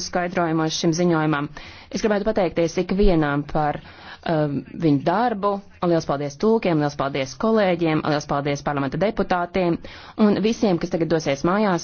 skaidrojumos šim ziņojumam. Es gribētu pateikties ikvienam par um, viņu darbu, un liels paldies tūkiem, liels paldies kolēģiem, liels paldies parlamenta deputātiem un visiem, kas tagad dosies mājās.